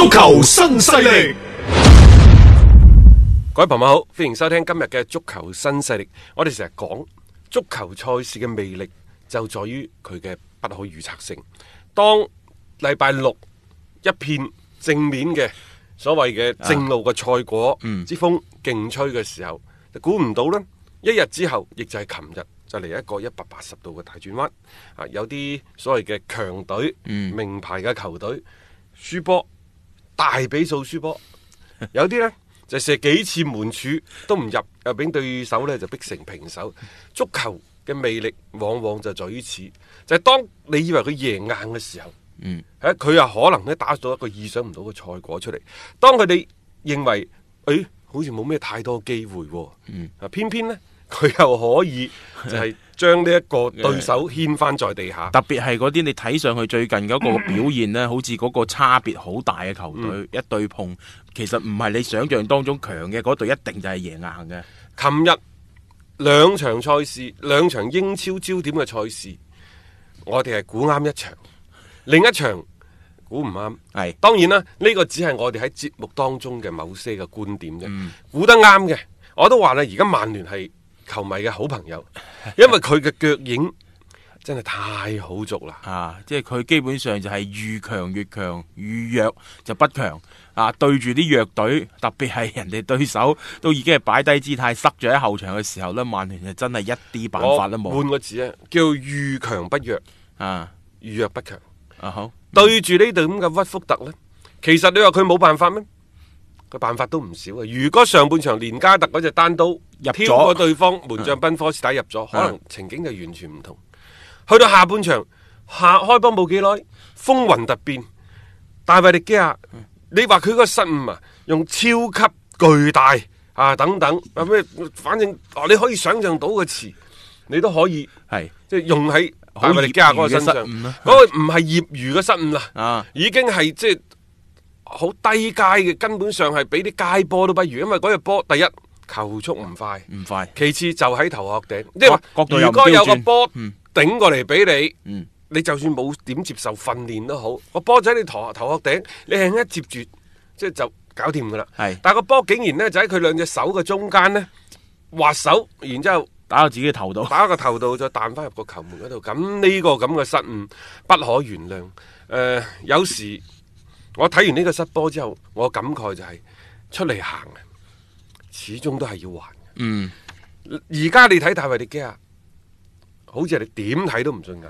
足球新勢力，各位朋友好，歡迎收聽今日嘅足球新勢力。我哋成日講足球賽事嘅魅力，就在於佢嘅不可預測性。當禮拜六一片正面嘅所謂嘅正路嘅賽果之風勁吹嘅時候，估唔到、啊嗯、呢一日之後，亦就係琴日就嚟一個一百八十度嘅大轉彎啊！有啲所謂嘅強隊、名牌嘅球隊、嗯、球隊輸波。大比數輸波，有啲呢就射幾次門柱都唔入，又俾對手呢就逼成平手。足球嘅魅力往往就在於此，就係當你以為佢贏硬嘅時候，嗯，誒，佢又可能呢打咗一個意想唔到嘅賽果出嚟。當佢哋認為，誒，好似冇咩太多機會，嗯，啊，偏偏呢。佢又可以就係將呢一個對手掀翻在地下， 特別係嗰啲你睇上去最近嗰個表現咧，好似嗰個差別好大嘅球隊、嗯、一對碰，其實唔係你想象當中強嘅嗰隊，一定就係贏硬嘅。琴日兩場賽事，兩場英超焦點嘅賽事，我哋係估啱一場，另一場估唔啱。係是當然啦，呢個只係我哋喺節目當中嘅某些嘅觀點嘅，嗯，估得啱嘅，我都話啦，而家曼聯係球迷嘅好朋友，因為佢嘅腳影真係太好捉啦，啊！即係佢基本上就係遇強越強，遇弱就不強。啊，對住啲弱隊，特別係人哋對手都已經係擺低姿態，塞咗喺後場嘅時候咧，曼聯就真係一啲辦法都冇。換個字咧，叫遇強不弱，啊，遇弱不強。啊好，對住呢度咁嘅屈福特呢，其實你話佢冇辦法咩？個辦法都唔少嘅。如果上半場連加特嗰隻單刀入咗了，對方的門將賓科士打入咗，可能情景就完全唔同。去到下半場下開波冇幾耐，風雲突變，大衛迪基亞，你話佢個失誤啊，用超級巨大啊等等啊咩，反正哦你可以想象到嘅詞，你都可以係，的即係用喺大衛迪基亞個身上，嗰、啊、個唔係業餘嘅失誤啦， 已經係即係。好低階嘅，根本上係俾啲街波都不如，因為嗰隻波，第一球速唔快，唔快，其次就喺頭殼頂，你話我如果有個波頂過嚟俾你，嗯、你就算冇點接受訓練都好，個波就喺你頭頭殼頂，你輕輕一接住，即係就搞掂噶啦。係是，但係個波竟然咧就喺佢兩隻手嘅中間咧滑手，然之後打到自己嘅頭度，打個頭度再彈翻入個球門嗰度，咁呢、呢個咁嘅失誤不可原諒。誒、呃，有時。我睇完呢個失波之後，我感慨就係、是、出嚟行啊，始終都係要還。嗯，而家你睇大衛迪基亞，好似你點睇都唔順眼。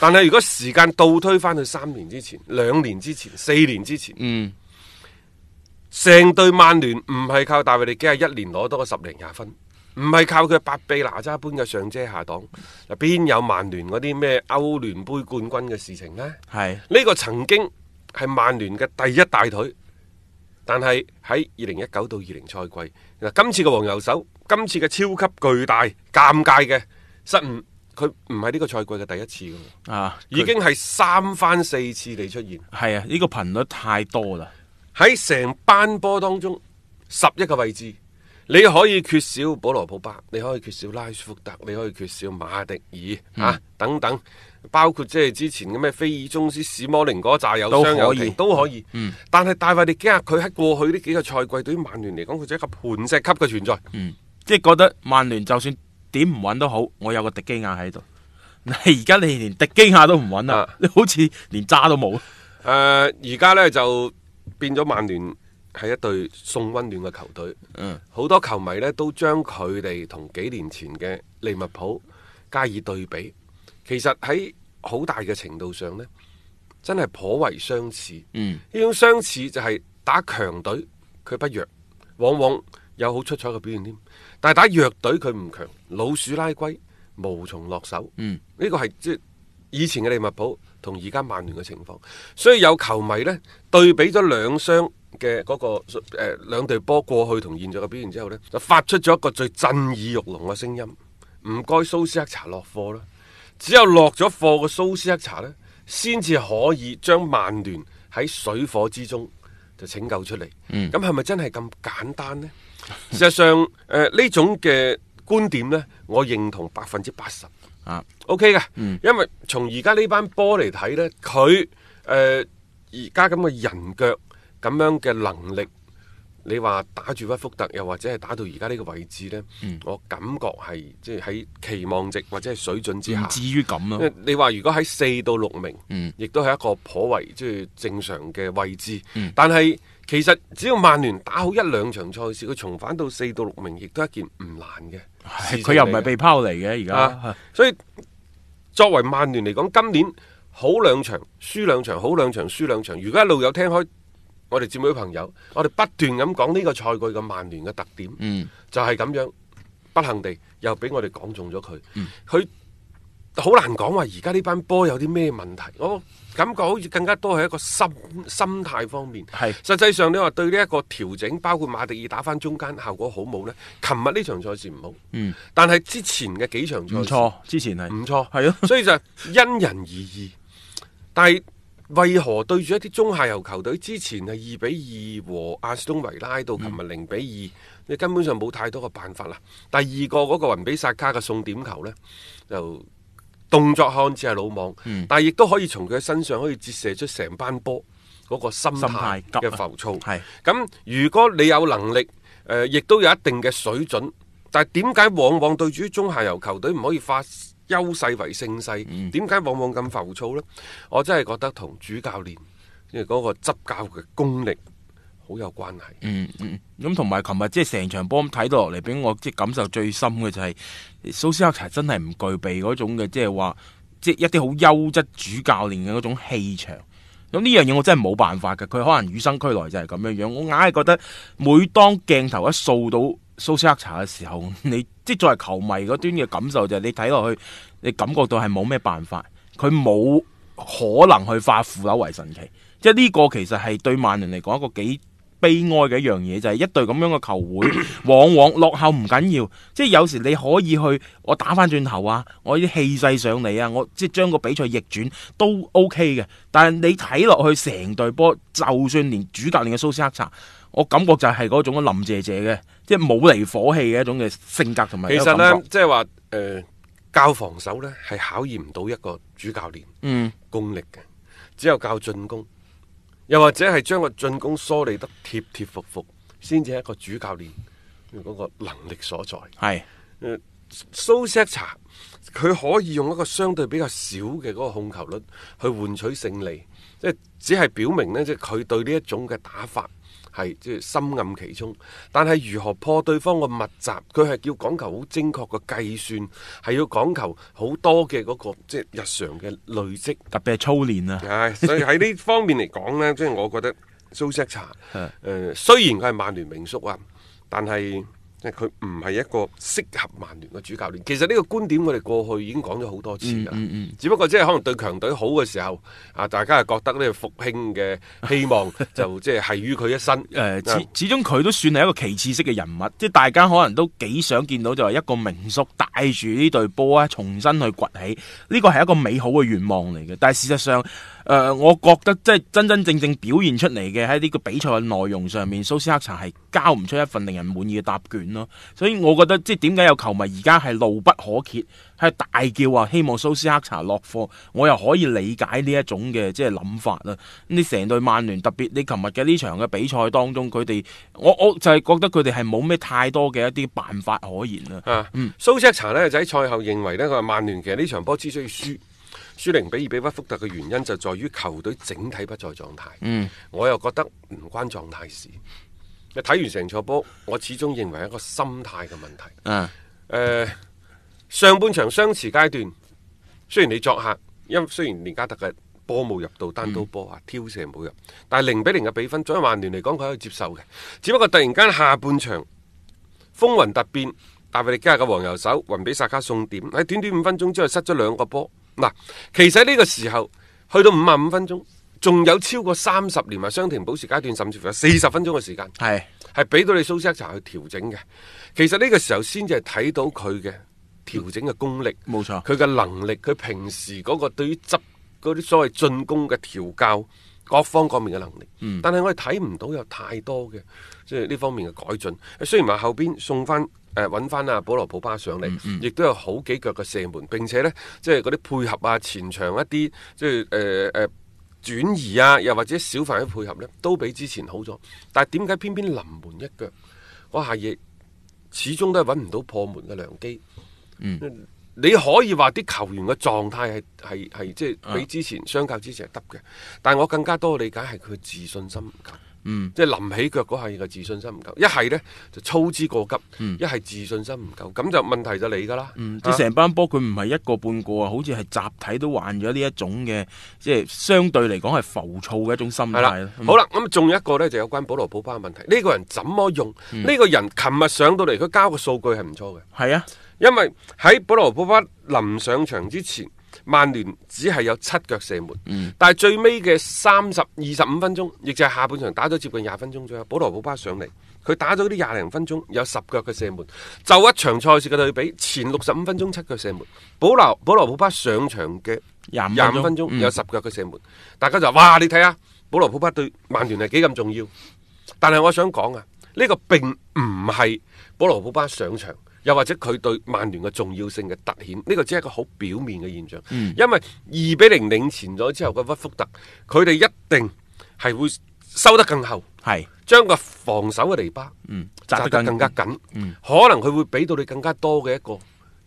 但係如果時間倒推翻去三年之前、兩年之前、四年之前，嗯，成隊曼聯唔係靠大衛迪基亞，一年攞多個十零廿分，唔係靠佢八臂哪吒般嘅上遮下擋，嗱，邊有曼聯嗰啲咩歐聯杯冠軍嘅事情呢？係呢是個曾經。係曼聯嘅第一大腿，但係喺二零一九到二零賽季，嗱今次嘅黃油手，今次嘅超級巨大尷尬嘅失誤，佢唔係呢個賽季嘅第一次㗎，啊，已經係三番四次地出現，係啊，呢、這個頻率太多啦。喺成班波當中，十一個位置，你可以缺少保羅普巴，你可以缺少拉舒福特，你可以缺少馬迪爾、嗯、啊，等等。包括即係之前嘅咩菲爾宗斯史摩寧嗰扎有傷有停都可以，都可以嗯，但係大衛迪基亞佢喺過去呢幾個賽季，對於曼聯嚟講，佢就係一個磐石級嘅存在，嗯，即、就、係、是、覺得曼聯就算點唔穩都好，我有個迪基亞喺度。你而家你連迪基亞都唔穩啦，你、啊、好似連渣都冇。誒、呃，而家咧就變咗曼聯係一隊送溫暖嘅球隊，好、嗯、多球迷咧都將佢哋同幾年前嘅利物浦加以對比。其實喺好大嘅程度上呢，真係頗為相似。嗯，呢種相似就係打強隊佢不弱，往往有好出彩嘅表現添。但係打弱隊佢唔強，老鼠拉龜無從落手。嗯，呢個係即係以前嘅利物浦同而家曼聯嘅情況，所以有球迷呢，對比咗兩雙嘅嗰個誒兩隊波過去同現在嘅表現之後呢，就發出咗一個最震耳欲聾嘅聲音，唔該蘇斯克查落課啦。只有落咗貨嘅蘇斯克查咧，先至可以將曼聯喺水火之中就拯救出嚟。咁係咪真係咁簡單呢？事 實上，誒、呃、呢種嘅觀點呢，我認同百分之八十啊。O K 噶，嗯、因為從而家呢班波嚟睇呢，佢誒而家咁嘅人腳咁樣嘅能力。你話打住屈福特，又或者係打到而家呢個位置呢？嗯、我感覺係即係喺期望值或者係水準之下，至於咁咯。你話如果喺四到六名，亦都係一個頗為即係正常嘅位置。嗯、但係其實只要曼聯打好一兩場賽事，佢重返到四到六名，亦都係一件唔難嘅。佢又唔係被拋離嘅而家，所以作為曼聯嚟講，今年好兩場，輸兩場，好兩場，輸兩場。如果一路有聽開，我哋姊位朋友，我哋不斷咁講呢個賽季嘅曼聯嘅特點，嗯、就係咁樣不幸地又俾我哋講中咗佢。佢好、嗯、難講話而家呢班波有啲咩問題，我感覺好似更加多係一個心心態方面。係是實際上你話對呢一個調整，包括馬迪爾打返中間效果好冇呢？琴日呢場賽事唔好，嗯，但係之前嘅幾場賽事唔錯，之前係唔錯，係啊的，所以就因人而異，但係。為何對住一啲中下游球隊，之前係二比二和阿斯頓維拉到琴日零比二，嗯，你根本上冇太多嘅辦法啦。第二個嗰個雲比薩卡嘅送點球呢，就動作看似係魯莽，嗯、但係亦都可以從佢身上可以折射出成班波嗰、那個心態嘅浮躁。係咁心態， 是如果你有能力，誒、呃，亦都有一定嘅水準，但係點解往往對住中下游球隊唔可以發？優勢為勝勢，點解往往咁浮躁呢？我真係覺得同主教練即係嗰個執教嘅功力好有關係、嗯。嗯嗯，咁同埋琴日即係成場波咁睇到落嚟，俾我即係感受最深嘅就係、係、蘇斯克查真係唔具備嗰種嘅即係話，即、就、係、係就係、一啲好優質主教練嘅嗰種氣場。咁呢樣嘢我真係冇辦法嘅，佢可能與生俱來就係咁樣樣。我硬係覺得每當鏡頭一掃到蘇斯克查嘅時候，你。即係作為球迷嗰端嘅感受就係你睇落去，你感覺到係冇咩辦法，佢冇可能去化腐朽為神奇。即係呢個其實係對曼聯嚟講一個幾悲哀嘅一樣嘢，就係、是、一隊咁樣嘅球會， 往往落後唔緊要。即係有時你可以去我打翻轉頭啊，我啲氣勢上嚟啊，我即係將個比賽逆轉都 OK 嘅。但係你睇落去成隊波，就算連主教練嘅蘇斯克察。我感覺就係嗰種林姐姐嘅，即係冇離火氣嘅一種嘅性格同埋。其實咧，即係話誒教防守咧係考驗唔到一個主教練功力嘅，嗯、只有教進攻，又或者係將個進攻梳理得貼貼服服，先至係一個主教練嗰個能力所在。係，蘇塞查佢可以用一個相對比較少嘅嗰個控球率去換取勝利，即係只係表明咧，即係佢對呢一種嘅打法。係即係深暗其中，但係如何破對方嘅密集？佢係要講求好精確嘅計算，係要講求好多嘅嗰個即係日常嘅累積，特別係操練啊！係，所以喺呢方面嚟講咧，即係 我覺得蘇斯茶誒，雖然佢係曼聯名宿啊，但係。佢唔係一個適合曼聯嘅主教練，其實呢個觀點我哋過去已經講咗好多次啦。嗯嗯嗯、只不過即係可能對強隊好嘅時候，啊大家係覺得呢個復興嘅希望就即係繫於佢一身。 呃嗯、始始終佢都算係一個其次式嘅人物。即係大家可能都幾想見到就係一個名宿帶住呢隊波咧，重新去崛起。呢、這個係一個美好嘅願望嚟嘅，但係事實上。誒，uh, 我覺得即係真真正正表現出嚟嘅喺呢個比賽嘅內容上面，蘇斯克查係交唔出一份令人滿意嘅答卷咯。所以，我覺得即係點解有球迷而家係怒不可遏，喺度大叫啊，希望蘇斯克查落課。我又可以理解呢一種嘅即係諗法啦。你成隊曼聯特別你琴日嘅呢場嘅比賽當中，佢哋我我就係覺得佢哋係冇咩太多嘅一啲辦法可言啦。啊、嗯，蘇斯克查呢就喺賽後認為呢佢話曼聯其實呢場波之所以輸。輸零比二比屈福特嘅原因就在於球隊整體不在狀態。嗯，我又覺得唔關狀態事。你睇完成錯波，我始終認為一個心態嘅問題。誒、啊呃，上半場相持階段，雖然你作客，因雖然連加特嘅波冇入到單刀波啊，嗯、挑射冇入，但係零比零嘅比分，對曼聯嚟講佢可以接受嘅。只不過突然間下半場風雲突變，大衛利加嘅黃油手雲比薩卡送點，喺短短五分鐘之後失咗兩個波。嗱，其實呢個時候去到五十五分鐘，仲有超過三十年啊，雙停保持階段，甚至乎有四十分鐘嘅時間，係係俾到你蘇斯克查去調整嘅。其實呢個時候先至係睇到佢嘅調整嘅功力，冇錯、嗯，佢嘅能力，佢平時嗰個對於執嗰啲所謂進攻嘅調教，各方各面嘅能力。嗯、但係我哋睇唔到有太多嘅，即係呢方面嘅改進。雖然話後邊送翻。誒，揾翻阿保羅普巴上嚟，亦、嗯嗯、都有好幾腳嘅射門，並且呢，即係嗰啲配合啊，前場一啲即係誒誒轉移啊，又或者小範嘅配合呢，都比之前好咗。但係點解偏偏臨門一腳，下亦始終都係揾唔到破門嘅良機。嗯、你可以話啲球員嘅狀態係係係即係比之前、啊、相較之前係得嘅，但係我更加多理解係佢自信心唔夠，嗯，即係臨起腳嗰下嘅自信心唔夠，一係呢，就操之過急，一係、嗯、自信心唔夠，咁就問題就嚟噶啦。嗯，啊、即係成班波佢唔係一個半個啊，好似係集體都患咗呢一種嘅，即係相對嚟講係浮躁嘅一種心態的、嗯、好啦，咁、嗯、仲有一個呢，就有關保羅普巴問題，呢、呢個人怎麼用？呢、嗯、個人琴日上到嚟，佢交個數據係唔錯嘅。係啊，因為喺保羅普巴臨上場之前。曼聯只係有七腳射門，嗯、但係最尾嘅三十二十五分鐘，亦就係下半場打咗接近廿分鐘左右。保羅·普巴上嚟，佢打咗啲廿零分鐘，有十腳嘅射門。就一場賽事嘅對比，前六十五分鐘七腳射門，保羅保羅·普巴上場嘅廿五分鐘、嗯、有十腳嘅射門，大家就哇，你睇下保羅·普巴對曼聯係幾咁重要。但係我想講啊，呢、呢個並唔係保羅·普巴上場。又或者佢對曼聯嘅重要性嘅凸顯，呢個只係一個好表面嘅現象。因為二比零領前咗之後嘅屈福特，佢哋一定係會收得更厚，係將個防守嘅籬笆紮得更加緊。可能佢會俾到你更加多嘅一個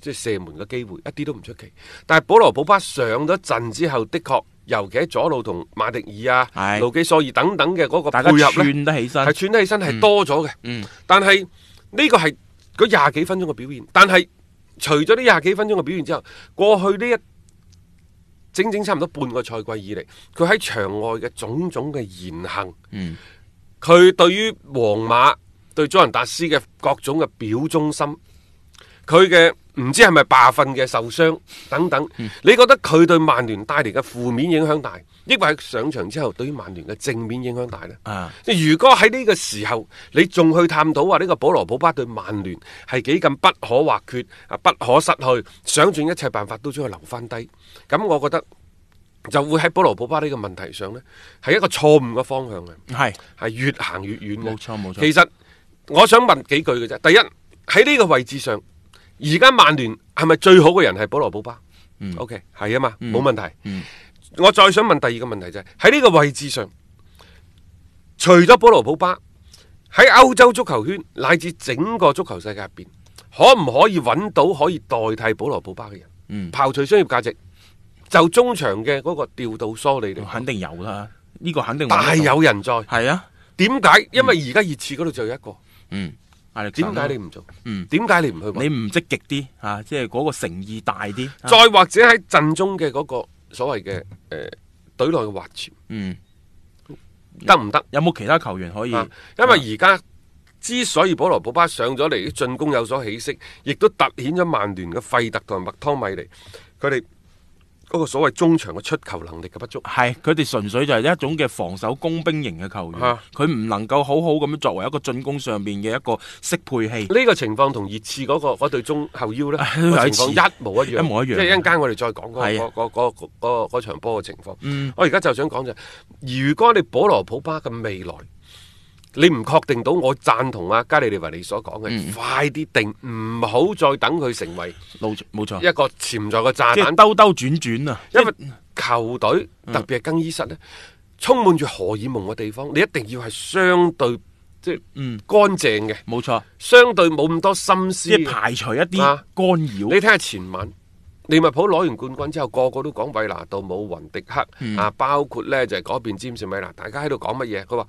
即係射門嘅機會，一啲都唔出奇。但係保羅保巴上咗陣之後，的確尤其喺左路同馬迪爾啊、勞基索爾等等嘅嗰個配合咧，係串得起身，係串得起身係多咗嘅。但係呢個係。佢廿幾分鐘嘅表現，但係除咗呢廿幾分鐘嘅表現之後，過去呢一整整差唔多半個賽季以嚟，佢喺場外嘅種種嘅言行，佢、嗯、對於皇馬對祖雲達斯嘅各種嘅表忠心，佢嘅唔知係咪罷訓嘅受傷等等，嗯、你覺得佢對曼聯帶嚟嘅負面影響大？抑或上場之後，對於曼聯嘅正面影響大呢即、啊、如果喺呢個時候，你仲去探討話呢個保羅·保巴對曼聯係幾咁不可或缺啊，不可失去，想盡一切辦法都將佢留翻低。咁我覺得就會喺保羅·保巴呢個問題上呢，係一個錯誤嘅方向嘅，係係是越行越遠冇錯冇錯。錯錯其實我想問幾句嘅啫。第一喺呢個位置上，而家曼聯係咪最好嘅人係保羅·保巴？OK 係啊嘛，冇、okay, 問題。嗯。嗯我再想問第二個問題就係喺呢個位置上，除咗保羅普巴喺歐洲足球圈乃至整個足球世界入邊，可唔可以揾到可以代替保羅普巴嘅人？嗯，刨除商業價值，就中場嘅嗰個調度梳理、嗯，肯定有啦、啊。呢、呢個肯定大有人在。係啊，點解？因為而家熱刺嗰度就有一個。嗯，點解你唔做？嗯，點解你唔去？你唔積極啲啊？即係嗰個誠意大啲。啊、再或者喺陣中嘅嗰、嗰個。所謂嘅誒、呃、隊內嘅滑潮，嗯，得唔得？有冇其他球員可以？啊、因為而家、啊、之所以保羅普巴上咗嚟，啲進攻有所起色，亦都突顯咗曼聯嘅費特同埋麥湯米尼，佢哋，嗰個所謂中場嘅出球能力嘅不足，係佢哋純粹就係一種嘅防守工兵型嘅球員，佢唔是、啊、能夠好好咁作為一個進攻上面嘅一個適配器。呢個情況同熱刺嗰、那個嗰對中後腰呢，嘅、啊、一模一樣，一模一樣。即係一陣間我哋再講嗰、那個是、啊、場波嘅情況。嗯、我而家就想講就係，如果你保羅普巴嘅未來。你唔確定到，我贊同阿加利利維尼所講嘅，快啲定，唔好再等佢成為冇錯一個潛在嘅炸彈。即係兜兜轉轉啊！因為球隊特別係更衣室咧，充滿住荷爾蒙嘅地方，你一定要係相對即係嗯乾淨嘅，冇錯，相對冇咁多心思，即係排除一啲干擾。你睇下前晚利物浦攞完冠軍之後，個個都講韋拿杜姆雲迪克啊，包括咧就係嗰邊詹士米拿，大家喺度講乜嘢？佢話。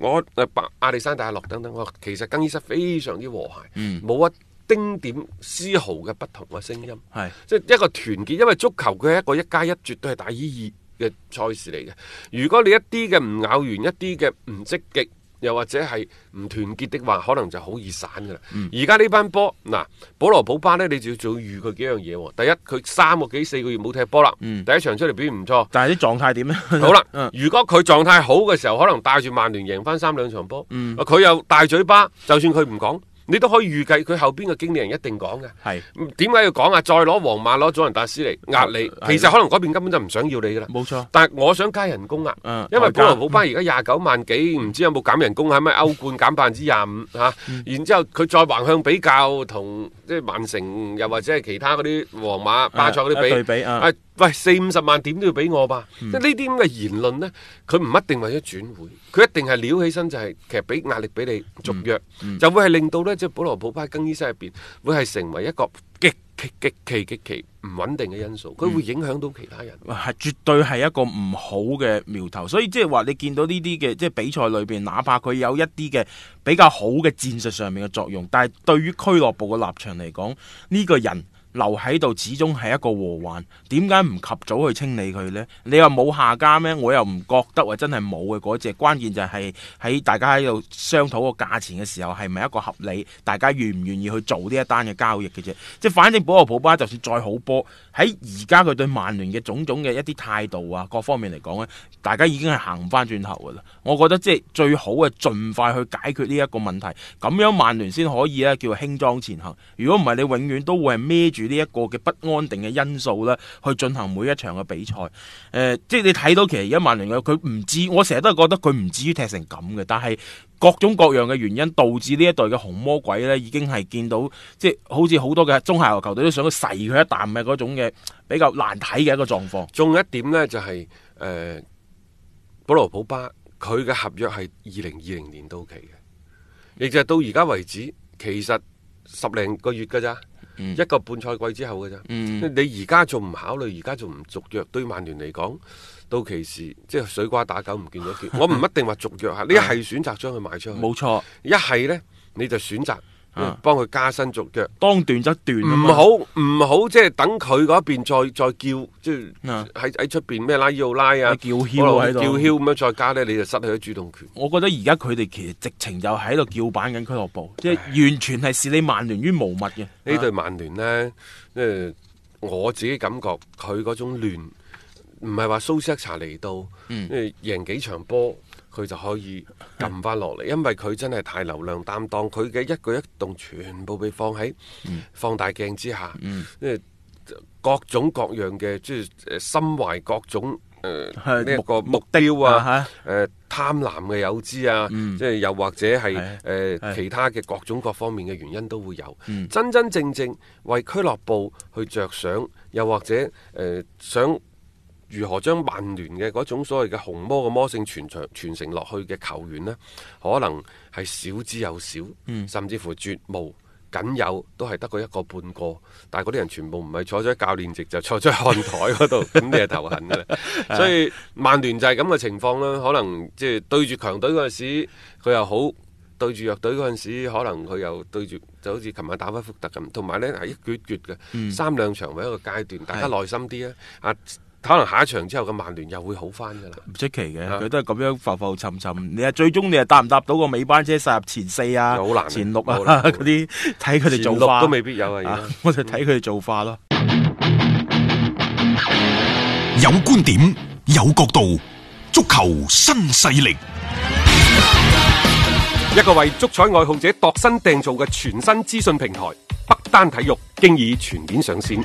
我阿亞歷山大、阿洛等等，我其實更衣室非常之和諧，冇、嗯、一丁點絲毫嘅不同嘅聲音，係是的 即係一個團結。因為足球佢係一個一加一絕對係大於二嘅賽事嚟嘅。如果你一啲嘅唔咬完，一啲嘅唔積極。又或者係唔團結的話，可能就好易散噶啦。而家呢班波，嗱，保羅普巴呢，你就要做預佢幾樣嘢、哦。第一，佢三個幾四個月冇踢波啦。嗯、第一場出嚟表現唔錯，但係啲狀態點呢？ 好啦，如果佢狀態好嘅時候，可能帶住曼聯贏翻三兩場波。佢又、嗯、大嘴巴，就算佢唔講。你都可以預計佢後邊嘅經理人一定講嘅，係點解要講啊？再攞皇馬攞祖雲達斯嚟壓你，嗯、其實可能嗰邊根本就唔想要你噶啦。冇錯，但係我想加人工啊，呃、因為保羅普巴而家廿九萬幾，唔知有冇減人工啊？係咪、嗯、歐冠減百分之廿五嚇？嗯、然之後佢再橫向比較同即係曼城，又或者係其他嗰啲皇馬、巴塞嗰啲比對比啊。呃呃呃喂，四五十萬點都要俾我吧？即呢啲咁嘅言論呢，佢唔一定為咗轉會，佢一定係撩起身就係其實俾壓力俾你續約，嗯嗯、就會係令到呢即係保羅普巴喺更衣室入邊，會係成為一個極其極其極其唔穩定嘅因素。佢會影響到其他人，係、嗯嗯、絕對係一個唔好嘅苗頭。所以即係話你見到呢啲嘅即係比賽裏邊，哪怕佢有一啲嘅比較好嘅戰術上面嘅作用，但係對於俱樂部嘅立場嚟講，呢、呢個人。人留喺度，始終係一個禍患。點解唔及早去清理佢咧？你話冇下家咩？我又唔覺得話真係冇嘅嗰隻。那個、關鍵就係喺大家喺度商討個價錢嘅時候，係咪一個合理？大家願唔願意去做呢一單嘅交易嘅啫？即係反正保羅普巴就算再好波，喺而家佢對曼聯嘅種種嘅一啲態度啊，各方面嚟講咧，大家已經係行唔翻轉頭噶啦。我覺得即係最好嘅，盡快去解決呢一個問題，咁樣曼聯先可以咧叫輕裝前行。如果唔係，你永遠都會係孭住。呢一個嘅不安定嘅因素啦，去進行每一場嘅比賽。誒、呃，即係你睇到其實而家曼聯嘅佢唔至。我成日都係覺得佢唔至於踢成咁嘅。但係各種各樣嘅原因導致呢一隊嘅紅魔鬼呢，已經係見到即係好似好多嘅中下游球隊都想去噬佢一啖嘅嗰種嘅比較難睇嘅一個狀況。仲有一點呢，就係、是、誒、呃，保羅普巴佢嘅合約係二零二零年到期嘅，亦就係到而家為止，其實十零個月㗎咋。一個半賽季之後嘅咋，嗯、你而家仲唔考慮？而家仲唔續約？對曼聯嚟講，到其時即係水瓜打狗唔見咗條。我唔一定話續約吓， 你一係選擇將佢賣出去，冇錯；一係呢，你就選擇。幫佢、嗯、加薪續約，當斷則斷。唔好唔好，即係、啊就是、等佢嗰邊再再叫，即係喺喺出邊咩拉伊奧拉啊，啊、叫囂、啊，啊、叫囂咁樣再加咧，你就失去咗主動權。我覺得而家佢哋其實直情就喺度叫板緊俱樂部，即係的完全係視你曼聯於無物嘅。聯，呢隊曼聯咧，誒、呃，我自己感覺佢嗰種亂，唔係話蘇斯查嚟到，嗯，贏幾場波。佢就可以撳翻落嚟，因為佢真係太流量擔當，佢嘅一舉一動全部被放喺放大鏡之下，即係、嗯嗯、各種各樣嘅，即係心懷各種誒個一個目標啊，誒、啊呃、貪婪嘅有之啊，嗯、即係又或者係誒其他嘅各種各方面嘅原因都會有，嗯、真真正正，正正為俱樂部去着想，又或者誒、呃、想。如何將曼聯嘅嗰種所謂嘅紅魔嘅魔性傳傳承落去嘅球員呢？可能係少之又少，甚至乎絕無僅有，都係得個一個半個。但係嗰啲人全部唔係坐咗喺教練席，就坐咗喺看台嗰度，咁你係頭痕㗎啦。所以曼聯就係咁嘅情況啦。可能即係對住強隊嗰陣時，佢又好；對住弱隊嗰陣時，可能佢又對住就好似琴晚打翻福特咁。同埋呢係一撅撅嘅，三兩場為一個階段，大家耐心啲啊，阿。可能下一場之後，嘅曼聯又會好翻噶啦，唔出奇嘅。佢都係咁樣浮浮沉沉。你啊，最終你啊搭唔搭到個尾班車，殺入前四啊，好難前六啊，嗰啲睇佢哋做法都未必有啊。 我就睇佢哋做法咯。有觀點，有角度，足球新勢力，一個為足彩愛好者度身訂造嘅全新資訊平台——北單體育，經已全面上線。